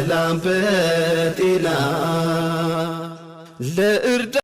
በሰላም በጤና ለእርዳ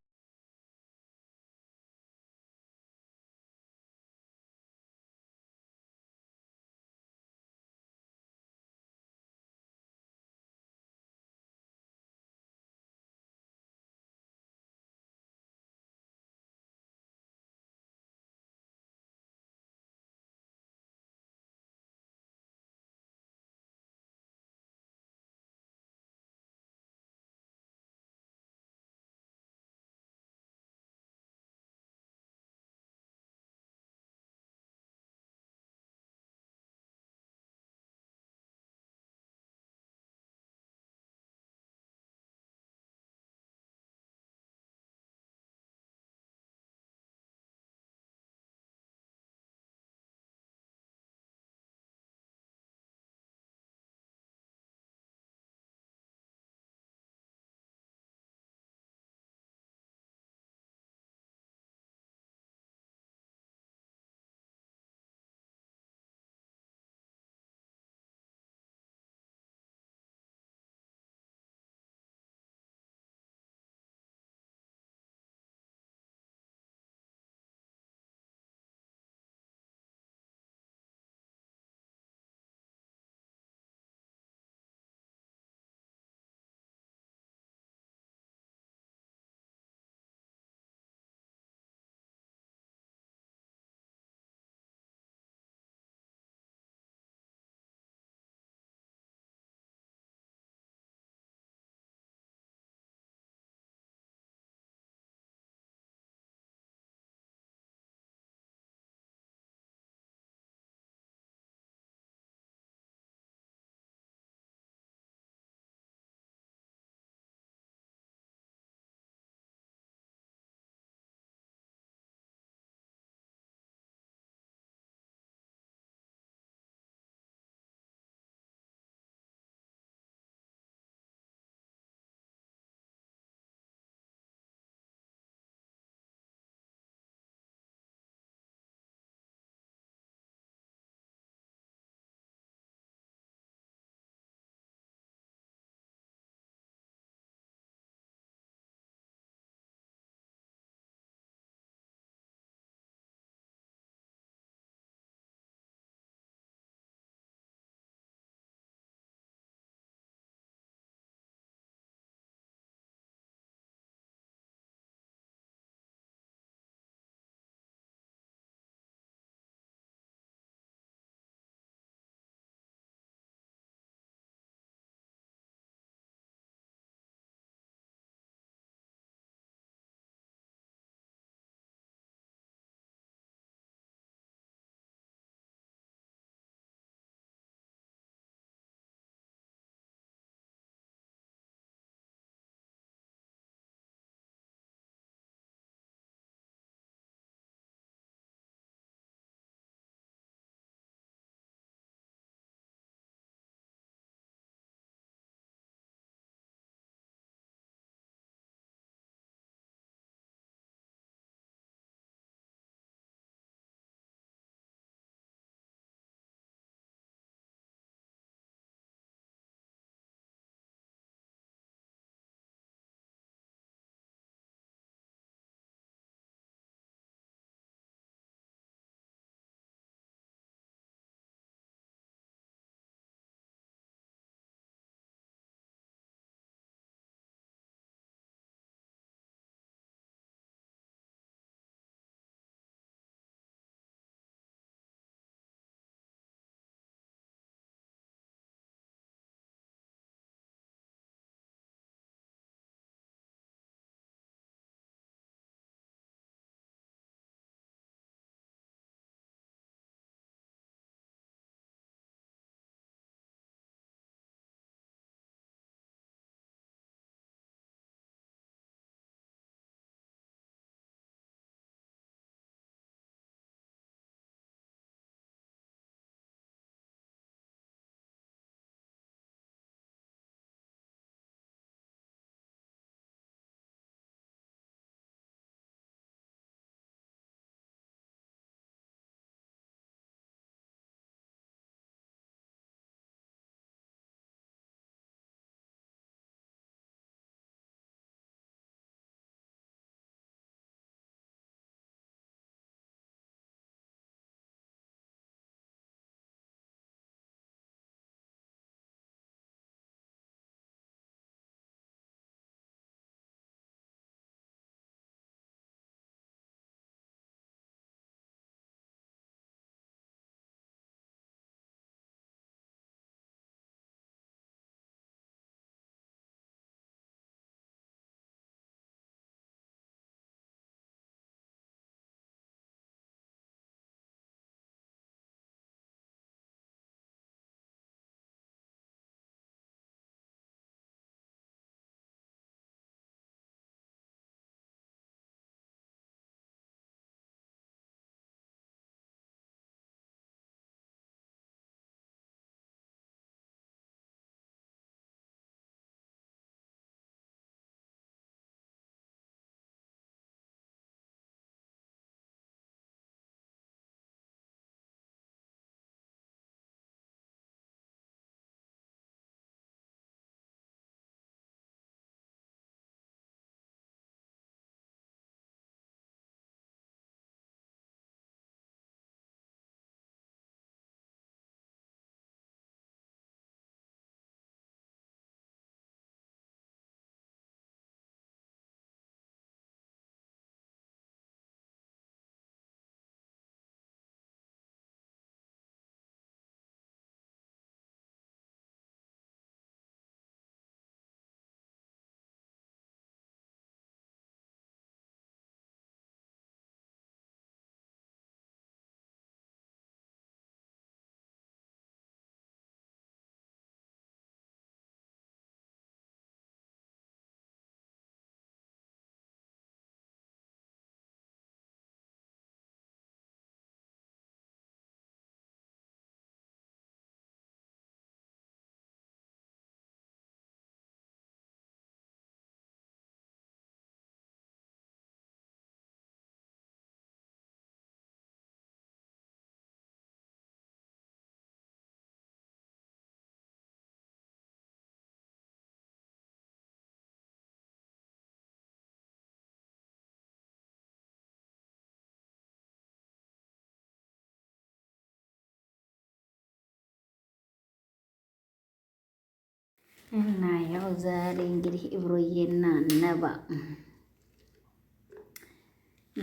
እና ያው ዛሬ እንግዲህ ኢብሮዬና ነባ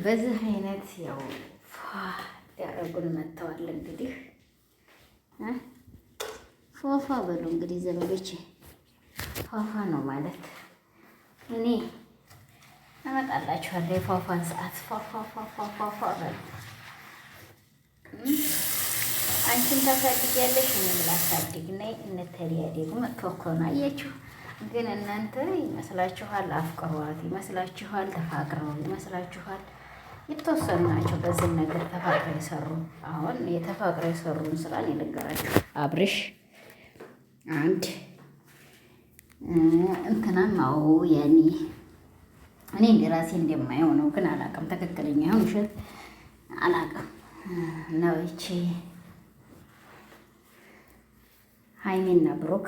በዚህ አይነት ያው ፏ ሊያረጉን መጥተዋል። እንግዲህ ፏፏ በሉ እንግዲህ ዘመዶች፣ ፏፏ ነው ማለት እኔ አመጣላችኋለሁ የፏፏን ሰዓት ፏፏ ፏፏ ፏፏ በሉ አንቺም ታሳድጊያለሽ፣ እኔም ላሳድግ ነይ እንተለያደግ መጥቶኮና አየችሁ። ግን እናንተ ይመስላችኋል፣ አፍቅሯት ይመስላችኋል፣ ተፋቅረው ይመስላችኋል። የተወሰኑ ናቸው በዚህ ነገር ተፋቅረው የሰሩ አሁን የተፋቅረው የሰሩን ስራን የነገራችሁ አብርሽ አንድ እንትናም አዎ ያኔ እኔ እንደ ራሴ እንደማየው ነው፣ ግን አላውቅም። ትክክለኛ ይሁን ውሸት አላውቅም ነው ይቺ ሀይሚና ብሩክ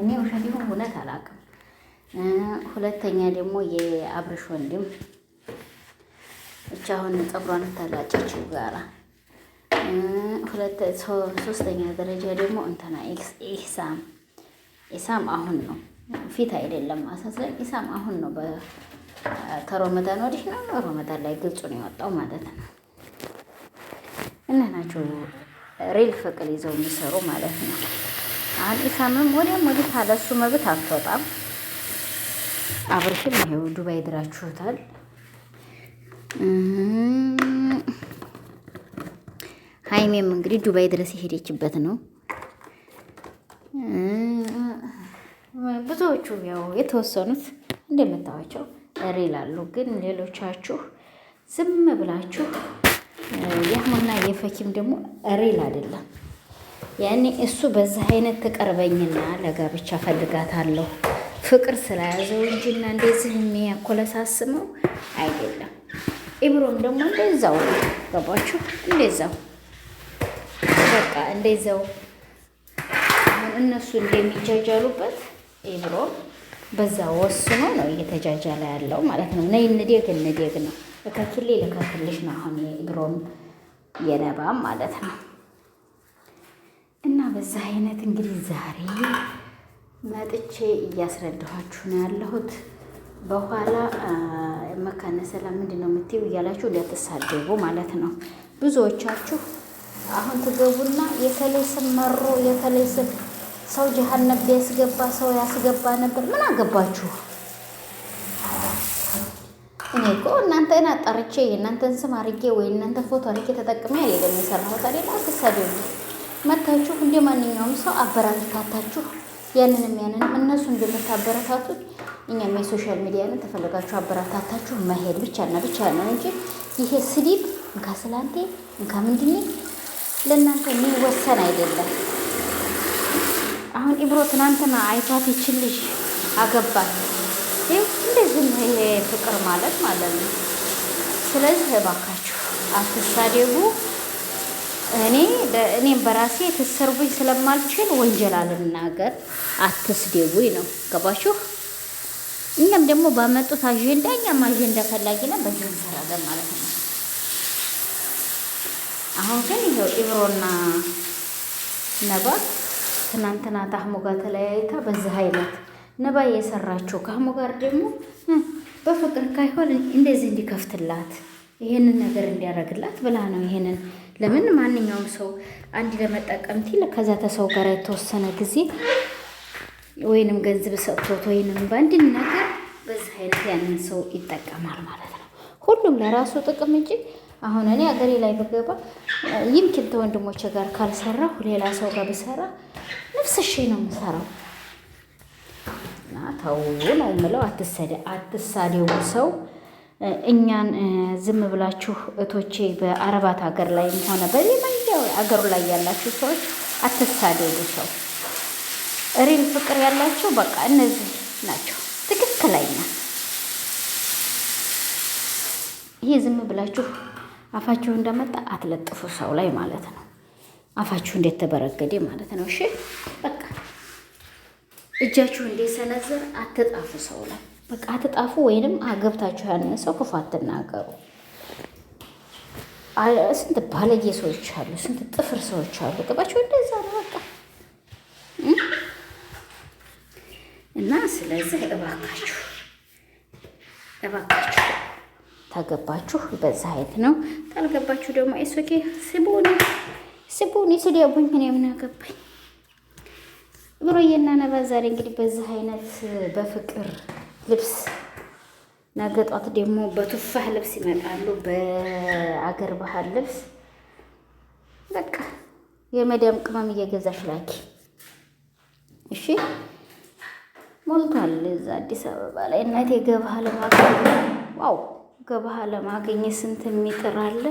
እኔ ውሸት ይሁን እውነት አላውቅም። ሁለተኛ ደግሞ የአብርሽ ወንድም ብቻ አሁን ፀጉሯን ታላጨችው ጋራ ሶስተኛ ደረጃ ደግሞ እንትና ኢሳም ኢሳም አሁን ነው ፊት አይደለም አሳስለን ኢሳም አሁን ነው ተሮመዳን ወዲህ ነው ሮመዳን ላይ ግልጹ የወጣው ማለት ነው። እነ ናቸው ሬል ፍቅል ይዘው የሚሰሩ ማለት ነው። አሁን ኢሳምም ወዲያም ወዲህ ካለሱ መብት አትወጣም። አብርሽም ይሄው ዱባይ ድራችሁታል። ሀይሜም እንግዲህ ዱባይ ድረስ የሄደችበት ነው። ብዙዎቹ ያው የተወሰኑት እንደምታዋቸው ሬል አሉ፣ ግን ሌሎቻችሁ ዝም ብላችሁ የአህሙና የፈኪም ደግሞ ሪል አይደለም። ያኔ እሱ በዛ አይነት ተቀርበኝና ለጋብቻ ፈልጋታለሁ ፍቅር ስለያዘው እንጂና እንደዚህ የሚያኮለሳስመው አይደለም። ኢብሮም ደግሞ እንደዛው ገባችሁ? እንደዛው በቃ እንደዛው እነሱ እንደሚጃጃሉበት ኢብሮም በዛ ወስኖ ነው እየተጃጃለ ያለው ማለት ነው። ነይ እንደግ እንደግ ነው እከክሌ ልከክልሽ ነው አሁን የግሮም የነባ ማለት ነው። እና በዛ አይነት እንግዲህ ዛሬ መጥቼ እያስረዳኋችሁ ነው ያለሁት። በኋላ መካነ ሰላም ምንድን ነው የምትይው እያላችሁ እንዳትሳደቡ ማለት ነው። ብዙዎቻችሁ አሁን ትገቡና የተለይ ስም መሮ የከላይ ስም ሰው ጀሃነብ ያስገባ ሰው ያስገባ ነበር ምን አገባችሁ? እኔ እኮ እናንተን አጣርቼ የእናንተን ስም አርጌ ወይ እናንተ ፎቶ አርጌ ተጠቅሜ አልሄደም የሰራሁት አይደል? አትሳደቡ። መታችሁ እንደ ማንኛውም ሰው አበረታታችሁ ያንንም ያንንም እነሱ እንደምታበረታቱት እኛም የሶሻል ሚዲያንን ተፈለጋችሁ አበረታታችሁ መሄድ ብቻና ብቻ ነው እንጂ ይሄ ስድብ እንካ ስላንቴ እንካ ምንድኔ ለእናንተ የሚወሰን አይደለም። አሁን ኢብሮ ትናንትና አይቷት ይችልሽ አገባል እንደዚህ ነው ይሄ ፍቅር ማለት ማለት ነው። ስለዚህ እባካችሁ አትሳደቡ። እኔ እኔም በራሴ የተሰርቡኝ ስለማልችል ወንጀል አልናገር፣ አትስደቡኝ ነው ገባችሁ? እኛም ደግሞ ባመጡት አጀንዳ እኛም አጀንዳ ፈላጊ ነን፣ በዚህ እንሰራለን ማለት ነው። አሁን ግን ይኸው ኢብሮና ነባ ትናንትና ታህሙ ጋር ተለያይታ በዚህ አይነት ነባ የሰራችው ከአህሙ ጋር ደግሞ በፍቅር ካይሆን እንደዚህ እንዲከፍትላት ይሄንን ነገር እንዲያደርግላት ብላ ነው። ይሄንን ለምን ማንኛውም ሰው አንድ ለመጠቀምቲ ከዛ ተሰው ጋር የተወሰነ ጊዜ ወይንም ገንዘብ ሰጥቶት ወይንም በአንድ ነገር በዚህ አይነት ያንን ሰው ይጠቀማል ማለት ነው። ሁሉም ለራሱ ጥቅም እንጂ አሁን እኔ አገሬ ላይ በገባ ይምኪን ተወንድሞቼ ጋር ካልሰራሁ ሌላ ሰው ጋር ብሰራ ነፍስሽ ነው የምሰራው። ተው ነው የምለው። አትሰደ አትሳደው ሰው እኛን ዝም ብላችሁ እቶቼ በአረባት ሀገር ላይም ሆነ በሌላው አገሩ ላይ ያላችሁ ሰዎች አትሳደው ሰው ሪል ፍቅር ያላቸው በቃ እነዚህ ናቸው ትክክለኛ። ይሄ ዝም ብላችሁ አፋችሁ እንደመጣ አትለጥፉ ሰው ላይ ማለት ነው። አፋችሁ እንዴት ተበረገደ ማለት ነው። እሺ በቃ እጃችሁ እንዲሰነዝር አትጣፉ። ሰው ላይ በቃ አትጣፉ። ወይንም አገብታችሁ ያንን ሰው ክፉ አትናገሩ። ስንት ባለጌ ሰዎች አሉ፣ ስንት ጥፍር ሰዎች አሉ። ገባችሁ? እንደዛ ነው በቃ እና ስለዚህ እባካችሁ እባካችሁ ታገባችሁ በዛ አይነት ነው። ታልገባችሁ ደግሞ ኤሶኬ ስቡኒ ስቡኒ ስዲያቡኝ እኔ ምን አገባኝ? ብሩዬና ነባ ዛሬ እንግዲህ በዚህ አይነት በፍቅር ልብስ ነገ ጧት ደግሞ በቱፋህ ልብስ ይመጣሉ። በአገር ባህል ልብስ በቃ የመዳም ቅመም እየገዛሽ ላኪ እሺ። ሞልቷል እዛ አዲስ አበባ ላይ እናቴ ገባህ ለማግኘት ዋው፣ ገባህ ለማግኘት ስንት የሚጥር አለ።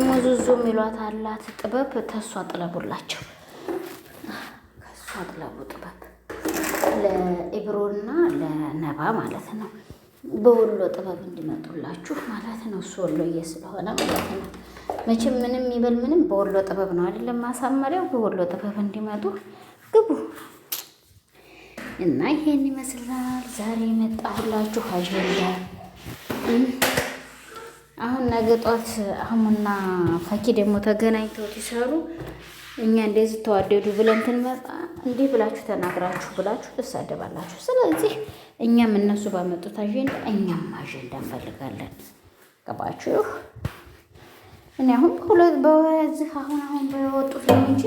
እሙዙዙ የሚሏት አላት ጥበብ ተሷ ጥለቡላቸው አገላብጡበት ለኢብሮና ለነባ ማለት ነው። በወሎ ጥበብ እንዲመጡላችሁ ማለት ነው። እሱ ወሎዬ ስለሆነ ማለት ነው። መቼም ምንም ይበል ምንም በወሎ ጥበብ ነው አይደለም ማሳመሪያው። በወሎ ጥበብ እንዲመጡ ግቡ እና ይሄን ይመስላል ዛሬ የመጣሁላችሁ አጀንዳ። አሁን ነገ ጧት አህሙና ፈኪ ደግሞ ተገናኝተው ይሰሩ። እኛ እንደዚህ ተዋደዱ ብለን ትንመጣ እንዲህ ብላችሁ ተናግራችሁ ብላችሁ ትሳደባላችሁ። ስለዚህ እኛም እነሱ ባመጡት አጀንዳ እኛም አጀንዳ እንፈልጋለን። ገባችሁ? እኔ አሁን ሁለት በዚህ አሁን አሁን በወጡት ነው እንጂ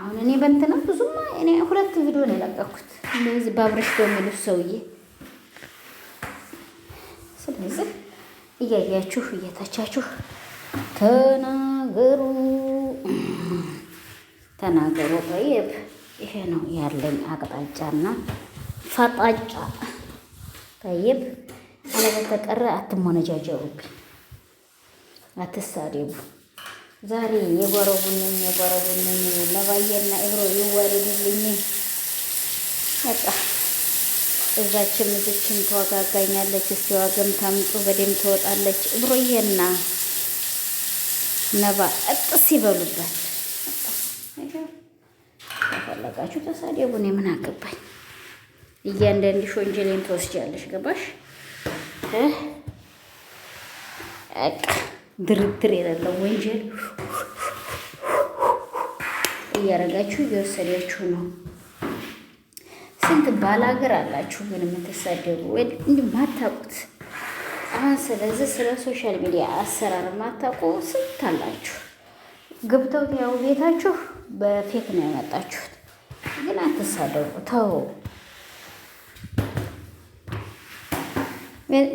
አሁን እኔ በንትና ብዙማ እኔ ሁለት ቪዲዮ ነው የለቀኩት እንደዚህ ባብረሽ በሚሉት ሰውዬ። ስለዚህ እያያችሁ እየታቻችሁ ተናገሩ። ተናገሩ። ጠይብ ይሄ ነው ያለኝ አቅጣጫና ፈጣጫ። ጠይብ አለበተቀረ አትሞነጃጀሩብኝ፣ አትሳደቡ። ዛሬ የጎረቡንኝ የጎረቡንኝ ነባዬና እብሮ ይዋረድልኝ። በቃ እዛችም እዚችም ተዋጋጋኛለች። እስቲ ዋገም ታምጡ በደም ትወጣለች። እብሮዬና ነባ እጥስ ይበሉበት። ነገር ከፈለጋችሁ ተሳደቡ፣ እኔ አገባኝ። እያንዳንድሽ ወንጀሌን ትወስጃለሽ። ገባሽ? ድርድር የሌለው ወንጀል እያደረጋችሁ እየወሰዳችሁ ነው። ስንት ባላገር አላችሁ ግን የምትሳደቡ እንዲህ ማታውቁት። አሁን ስለዚህ ስለ ሶሻል ሚዲያ አሰራር ማታቁ ስንት አላችሁ? ገብተው ያው ቤታችሁ በፌክ ነው ያመጣችሁት። ግን አትሳደቁ፣ ተው።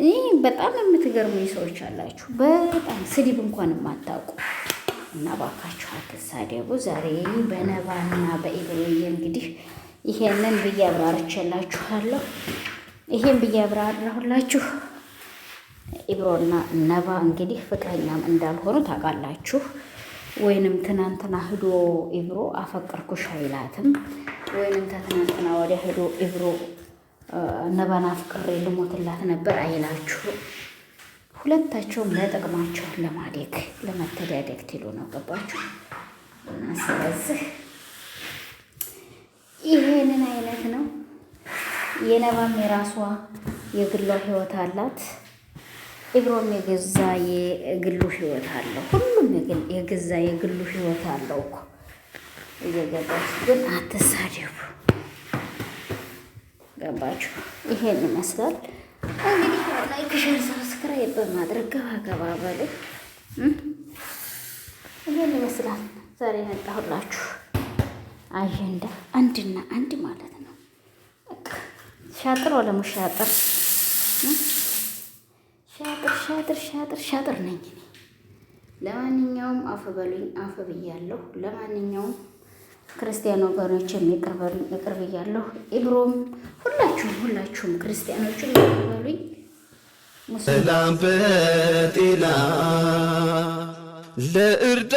ይህ በጣም የምትገርሙኝ ሰዎች አላችሁ፣ በጣም ስድብ እንኳን የማታውቁ እና እባካችሁ አትሳደቡ። ዛሬ በነባና በኢብሮዬ እንግዲህ ይሄንን ብዬ አብራርቼላችኋለሁ። ይሄን ብዬ አብራራሁላችሁ። ኢብሮና ነባ እንግዲህ ፍቅረኛም እንዳልሆኑ ታውቃላችሁ። ወይንም ትናንትና ህዶ ኢብሮ አፈቀርኩሽ አይላትም። ወይንም ተትናንትና ወዲያ ህዶ ኢብሮ ነባን ፍቅሬ ልሞትላት ነበር አይላችሁ። ሁለታቸውም ለጥቅማቸውን ለማደግ ለመተዳደግ ትሉ ነው። ገባችሁ? እና ስለዚህ ይሄንን አይነት ነው። የነባም የራሷ የግሏ ህይወት አላት። ኢብሮም የገዛ የግሉ ህይወት አለው። ሁሉም የገዛ የግሉ ህይወት አለው እኮ እየገባችሁ ግን አትሳደቡ። ገባችሁ? ይሄን ይመስላል እንግዲህ። ላይክ፣ ሼር፣ ሰብስክራይብ በማድረግ ገባ ገባ በሉ። ይሄን ይመስላል ዛሬ የመጣሁላችሁ አጀንዳ አንድና አንድ ማለት ነው። ሻጥር ወለሙሻጥር ሻጥር ሻጥር ሻጥር ነኝ እኔ። ለማንኛውም አፍ በሉኝ፣ አፍ ብያለሁ። ለማንኛውም ክርስቲያን ወገኖችም ይቅር ብያለሁ። ኢብሮም ሁላችሁም ሁላችሁም ክርስቲያኖችም ይቅር በሉኝ። ሰላም በጤና ለእርዳ